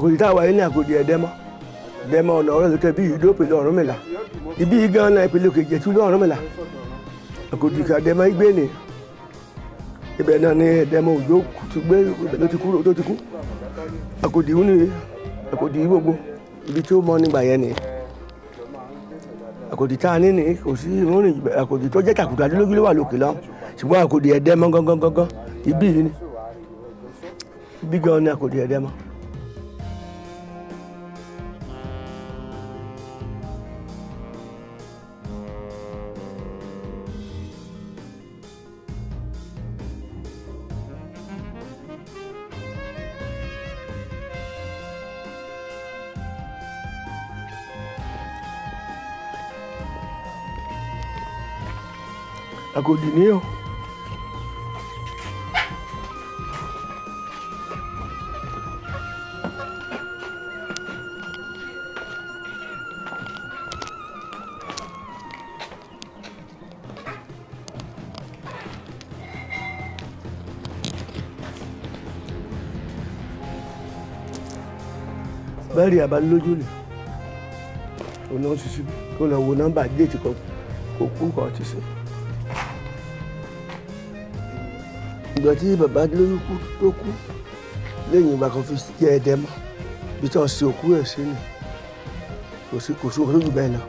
àgòdì tá a wà yìí ní àgòdì ẹ̀dẹ́mọ́ ẹ̀dẹ́mọ́ ọ̀nà ọ̀rọ̀ lókè bí ìlú òpèlú Ọ̀rúnmìlà ibi igan náà ìpèlú kejì ètú ló Ọ̀rúnmìlà àgòdì ẹ̀dẹ́mọ́ igbé ni ibẹ̀ náà ni ẹ̀dẹ́mọ́ òjò tó gbé ló ti kú tó ti kú àgòdì ìhún nìyí gbogbo ibi tí ó mọ nígbà yẹn nìyí àgòdì tá a ní ni kò sí ìrìn àgòdì tó jẹ́ tàkùtà dúlógún ló wà lókè lọ ṣùgbọ́n àgòdì ẹ̀dẹ́mọ́ gángan ibi yìí ni ibi gan ni àgòdì ẹ̀dẹ́mọ́. àgòdì ní o. bẹ́ẹ̀rì àbálójú ni òun náà ti síbi kó lọ wo nọ́mbà géètì kan kò kú kan ti síbi. ìgbà tí bàbá lóyún kú tó kú lẹ́yìn ìgbà kan fi jẹ ẹdẹ mọ́ bí tí wọ́n sin òkú ẹ̀ sí ni kò sí kò sí òkú lójú bẹ́ẹ̀ lọ.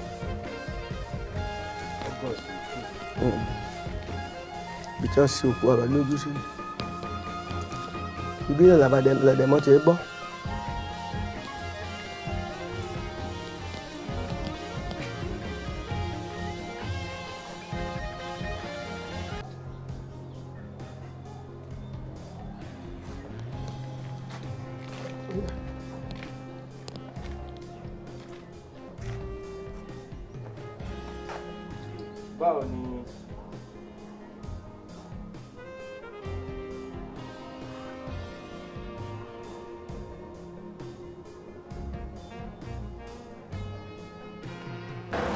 bí tí wọ́n sin òkú bàbá lójú sí ni ibi náà làbàdàn ti gbọ́. báwo ni.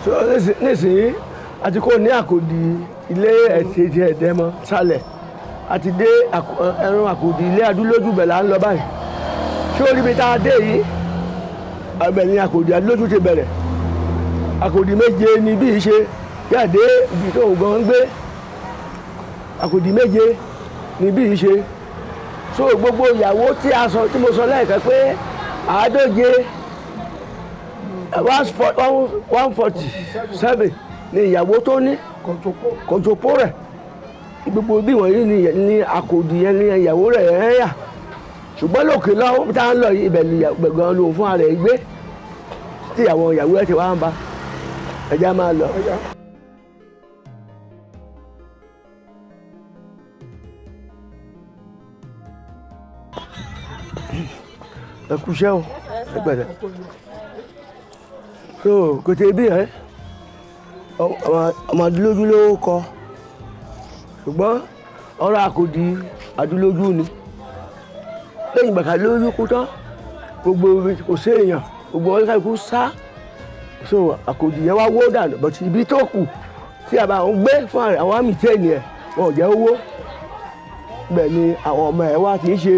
so nísìnyí àti kò ní àkòdì ilé ẹ̀tẹ̀ẹ̀tẹ̀ ẹ̀dẹ́ mọ́ sálẹ̀ àti dé ẹran àkòdì ilé adúlójú bẹ̀ là ń lọ báyìí ṣé o tá a dé yìí àbẹ̀ ni àkòdì adúlójú ti bẹ̀rẹ̀ àkòdì méje ni bí ṣe jáde ibi tó ń gan gbé àkòdì méje ni bí yìí ṣe so gbogbo ìyàwó tí a sọ tí mo sọ lẹ́ẹ̀kan pé àádóje one forty seven ni ìyàwó tó ní kòtòpó rẹ̀ gbogbo bí wọ̀nyí ni àkòdì yẹn ni ìyàwó rẹ̀ ẹ̀ ń yà ṣùgbọ́n lókè lọ́wọ́ tá à ń lọ ibẹ̀ gbẹ̀gàn lòun fún ara ẹ̀ gbé tíyàwó ìyàwó ẹ̀ ti wá ń ba ẹ̀já máa lọ. ẹ kúṣẹ́ o ẹ pẹ̀lẹ́ so kòtò ibi yẹn ọmọ adúlójú ló kọ ṣùgbọ́n ọ̀rọ̀ àkòdì adúlójú ni lẹ́yìn ìgbà kan lójú kú tán gbogbo kò sí èèyàn gbogbo ọ̀rẹ́ kú sá so àkòdì yẹn wá wó dànù bọ̀tí ibi tó kù tí a bá ń gbé fún àwọn àmì tẹ́ẹ̀nì ẹ̀ wọn ò jẹ́ owó bẹ́ẹ̀ ni àwọn ọmọ ẹ̀ wá kì í ṣe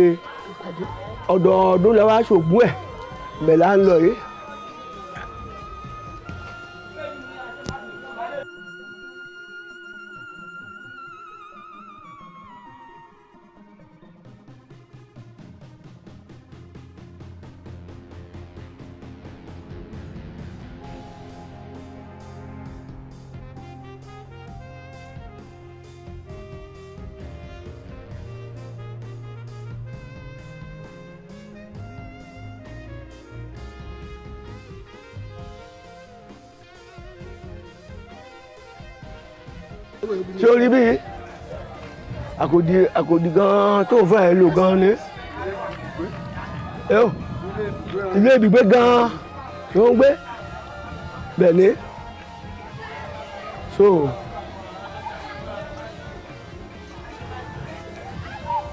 ọ̀dọ̀ọ̀dún lẹ́wọ́ aṣògùn ẹ̀ bẹ̀là ń lọ yìí. ṣé o rí bí àkòdì àkòdì gan-an tó fà ẹ́ lò gan-an ni ilé ibùgbé gan-an ló ń gbé bẹ́ẹ̀ ni so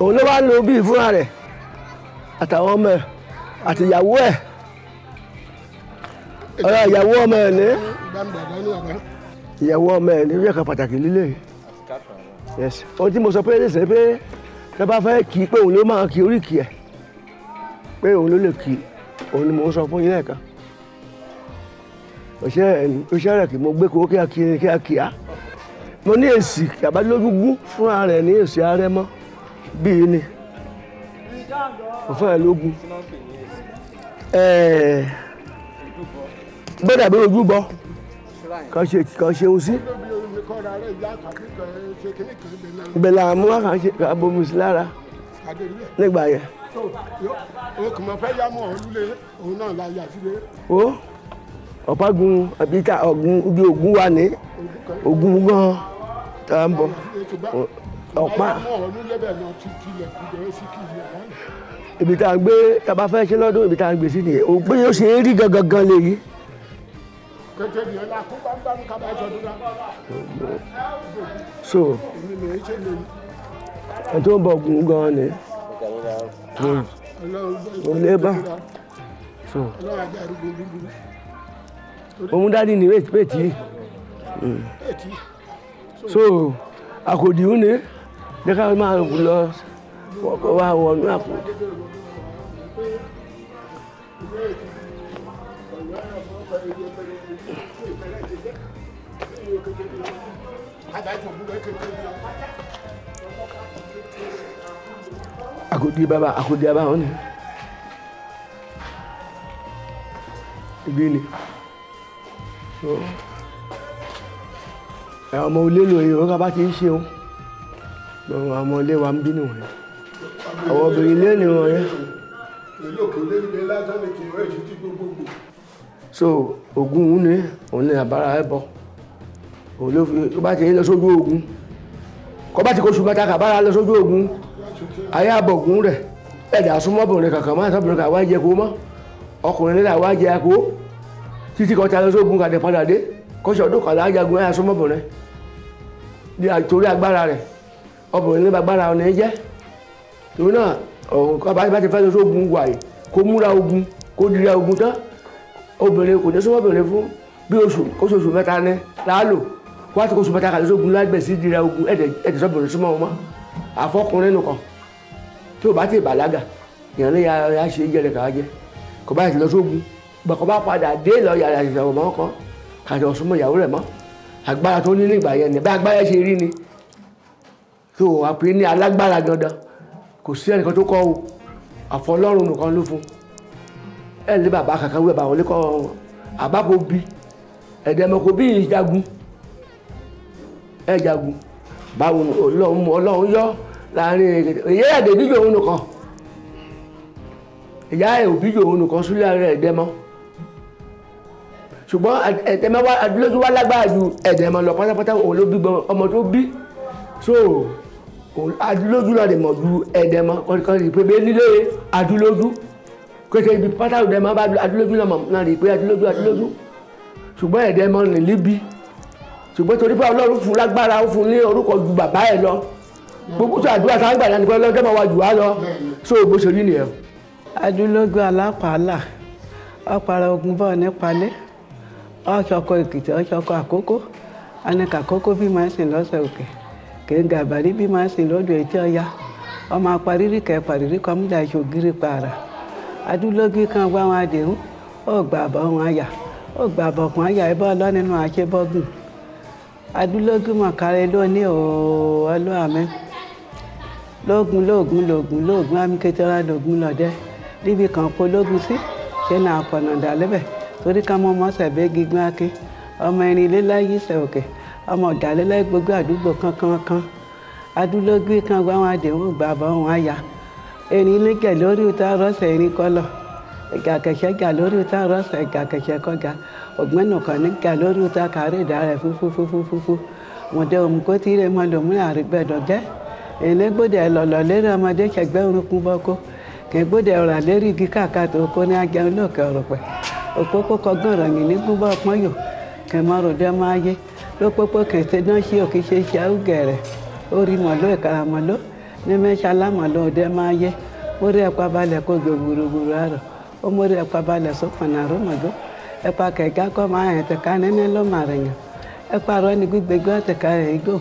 òun ló wá lo bíi fúnra rẹ̀ àtàwọn ọmọ ẹ̀ àtìyàwó ẹ̀ ọ̀rọ̀ ìyàwó ọmọ ẹ̀ ní ìyàwó ọmọ ẹ̀ ní yẹ̀kan pàtàkì líle yes ohun tí mo sọ pé lẹ́sẹ̀ pé tẹ bá fẹ́ kí pé òun ló máa kí orí kì ẹ̀ pé òun ló lè kí òun ni mo sọ fún yín lẹ́ẹ̀kan òṣìṣẹ́ rẹ̀ kì mo gbé kó kíá kíá kíá kíá mo ní èsì àbádọ́gbùgbù fúnra rẹ̀ ní èsì ààrẹ mọ́ bíi ni mo fẹ́ ẹ lógún bọ́dà ojú bọ́ kàn ṣe kàn ṣe ohun sí. ìbẹ̀lẹ̀ àmú wa kàn ṣe kàn bomi sí lára nígbà yẹn. o kì mọ fẹ́ yá mọ́ ọ̀hún lé òun náà la yà sílé. o ọ̀págun àbí ta ọ̀gun ibi ògùn wa ní ògùn gan tá a ń ibi tá a gbé tá a bá fẹ́ ṣe lọ́dún ibi tá a gbé sí nìyẹn òpin yóò ṣe é rí gangan lè yí so ẹ tó ń bọ̀ gùn gan-an ni olè hmm. bá so òun dádì ni wait hmm. so àkòdì òun ni dẹ́ka máa lọ wà wọnú àkòdì. Thank you akudi baba akudi baba wọn ni igbe ni ẹ ọmọ ilé lòye wọn kaba ti ń ṣe o gbọmọ ọmọ ilé wa ń bí nìwọ̀n yẹn àwọn obìnrin ilé nìwọ̀n yẹn. so ogun òun ni òun ni àbára ẹ bọ olófin bá ti lọ sójú ogun kọ́ bá ti kó ṣùgbọ́n ta kàbára lọ sójú ogun ayé àbọ̀gún rẹ̀ ẹ̀dá súnmọ́bìnrin kankan máa sọ́bìnrin kà wá jẹ kó mọ́ ọkùnrin nílà wá jẹ kó títí kọ́ta lọ sógun kàdé padà dé kọ́ṣẹ́ ọdún kàlá ajagun ayé súnmọ́bìnrin torí agbára rẹ̀ ọbìnrin nípa agbára ọ̀nà jẹ́ torí náà ọ̀hún bá ti fẹ́ lọ sógun wàyí kó múra ogun kó dira ogun tán obìnrin kò ní súnmọ́bìnrin fún bí oṣù kóṣoṣù mẹ́ta ní láàlò wá ti kó sùpàtà kàlẹ́ sógun lágbèsí ìdíra ogun ẹ̀dẹ̀ sọ́bìnrin súnmọ́ wọn mọ́ àfọkùnrin nìkan tí ò bá ti bàlágà èèyàn lè yára ṣe jẹrẹ kàá jẹ kò bá ti lọ sógun bàkọ́ bá padà dé lọ yàrá ìṣàwọ̀ mọ́ kan kàtà ọ̀sùnmọ̀ ìyàwó rẹ̀ mọ́ agbára tó ní nígbà yẹn nígbà agbára ṣe rí ni tó wà pé ní alágbára dandan kò sí ẹnìkan tó kọ́ o àfọlọ́run nìkan ló fún ẹ̀ lé bàbá kankan wí bàbá wọn àbá kò bí ẹ̀dẹ̀mọ̀ kò bí ìjagun ẹ jagun báwo ọlọ́run ọlọ́run yọ láàrin ìyá ẹ̀ dèbí yòówù nìkan ìyá ẹ̀ òbí yòówù nìkan súlẹ̀ rẹ̀ ẹ̀dẹ́mọ́ ṣùgbọ́n ẹ̀tẹ̀mẹ́wá adúlójú wá lágbára ju ẹ̀dẹ̀mọ́ lọ pátápátá òun ló bí gbọ́n ọmọ tó bí so adúlójú lọ dẹ̀ mọ̀ ju ẹ̀dẹ̀mọ́ kọ́nìkan rí i pé bẹ́ẹ̀ nílé adúlójú kété ibi pátá ọ̀dẹ̀mọ́ bá adúlójú náà rí i pé adúlójú adúlójú ṣùgbọ́n ẹ̀dẹ̀mọ́ nì líbi ṣùgbọ́n torí pé ọlọ́run fún lágbára ó fún ní orúkọ ju bàbá ẹ̀ lọ gbogbo tó àdúrà tá à ń gbà lánàá lọ́jọ́ máa wá jù wá lọ so bó ṣe rí nìyẹn. adúlógún alápàálà ọ̀pára ogun bọ̀ nípalẹ̀ ọ̀ṣọ́kọ èkìtì ọ̀ṣọ́kọ àkókò anìkà àkókò bí máa ń sìn lọ́sẹ̀ òkè kèǹgà àbárí bí máa ń sìn lọ́dọ̀ etí ọ̀ya ọmọ aparírí kẹ parìrí kọmúdà ìṣògiri pààrà adúlógún kan wá wọn àdéhùn ó gbà bọ́ wọn àyà ó gbà bọ̀ kún àyà ẹbọ ọlọ́nínú àṣebọ́gùn adúlógún mọ̀kárẹ́ lónìí ọ̀ọ́ ọlọ́àmẹ́ lóògùn lóògùn lóògùn lóògùn amíkẹ́tẹ́rà lóògùn lọ́dẹ́ níbi kan kó lóògùn sí ṣé náà kọ̀nà dálẹ́bẹ̀ torí ká mọ́ ọmọ ṣẹ̀bẹ́ gígùn akin ọmọ irinléláyé ṣẹ̀ òkè ọmọ ọ̀dàlélẹ́ gbogbo àdúgbò kankankan adúlógún kan gbọ́ àwọn àdéhùn gbàbọ̀ wọn àyà erin nígẹ̀ lórí ìta rọ́ṣẹ̀ erin kọ́lọ̀ gakɛsɛ ga lórí ta rɔsɛ gakɛsɛ kɔ ga ɔgbɛnɔ kɔni ga lórí ta kari da rɛ fufufufufu mɔdɛ omu koti re mɔ lomu ari gbɛ dɔ gɛ elegbodɛ lɔlɔ lérí ɔmɔdé tsɛ gbɛ orukun bɔ ko kɛgbodɛ ɔra lérí gi kaka tó ko ní adzɛ lókè ɔrùpɛ òkpókpó kɔgbɔn rɔnyi ní gbúbɔ kpɔn yò kɛmɔrò dɛ mɔ ayé lókpókpó kɛntɛ náà si òkè se si awu gɛrɛ orí mɔló ìkaramɔló e ní mɛsàlámɔló dɛ mɔ ayé orí ɛkpá balẹ̀ kó gbogbo gbogbo arɔ. omori ekpa balẹ̀ sọkàn náà rọmọdọ ekpa kẹkẹ kọ máa yẹn tẹka nẹnẹ ma rẹ yàn ekpa rọ ni gbígbégbé ọtẹka rẹ igbó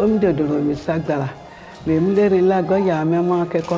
omi dòdòrò mi ya mèmí lérìn lágọ̀ọ́